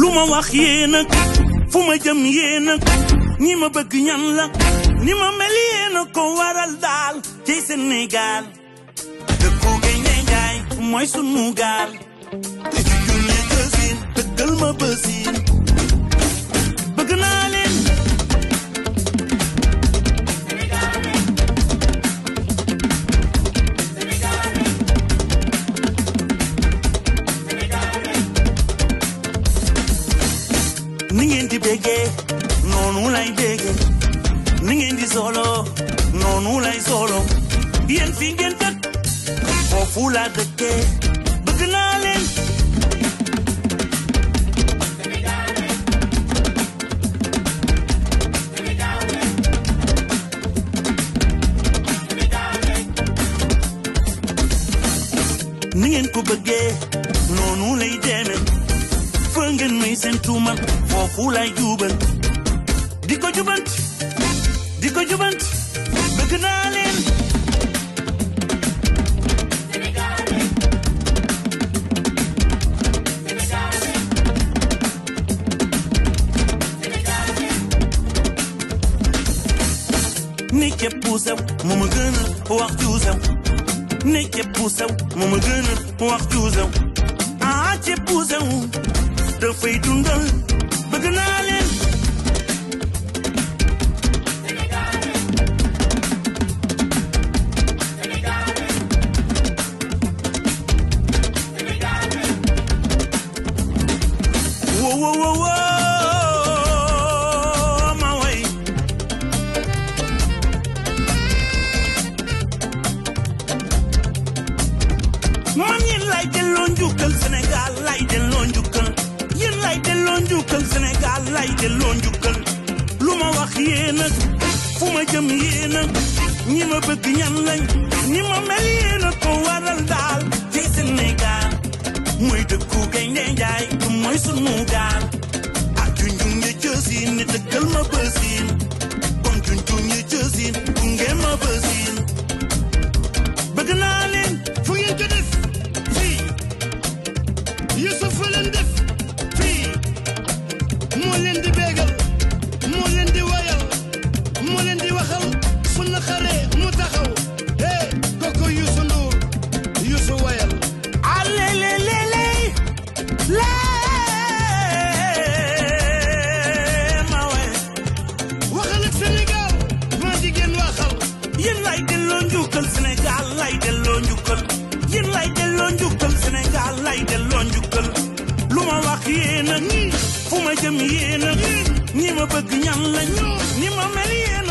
lu ma wax yéen a fu ma jëm yéen a ñi ma bëgg ñan la ni ma mel yéen ko waral daal ci Sénégal dëkku gi ñay jaay mooy sunu di bege noonu lay bege ni ngeen di solo noonu lay solo yéen fi ngeen dëkk foofu laa dëkkee bëgg naa leen ni ngeen ko bëggee noonu lay demee jëfal ngeen may seen tuuma foofu lay jubal di ko jubant di ko jubant bëgg naa leen ni képp sew mu ma gën a wax ju sew ni képp sew wax ju ah képp sew the dundal bëgg naa leen Money. nag fu ma jëm yéena ñi ma bëgg ñan lañ ñi ma mel yéena ko waral daal ci Sénégal mooy dëkku gaynde njaay mooy sunu gaal ak yu njunge cësiin ni dëkkal ma bësiin fu ma jëm yéena ñi ma bëgg ñan lañ ni ma mel yéena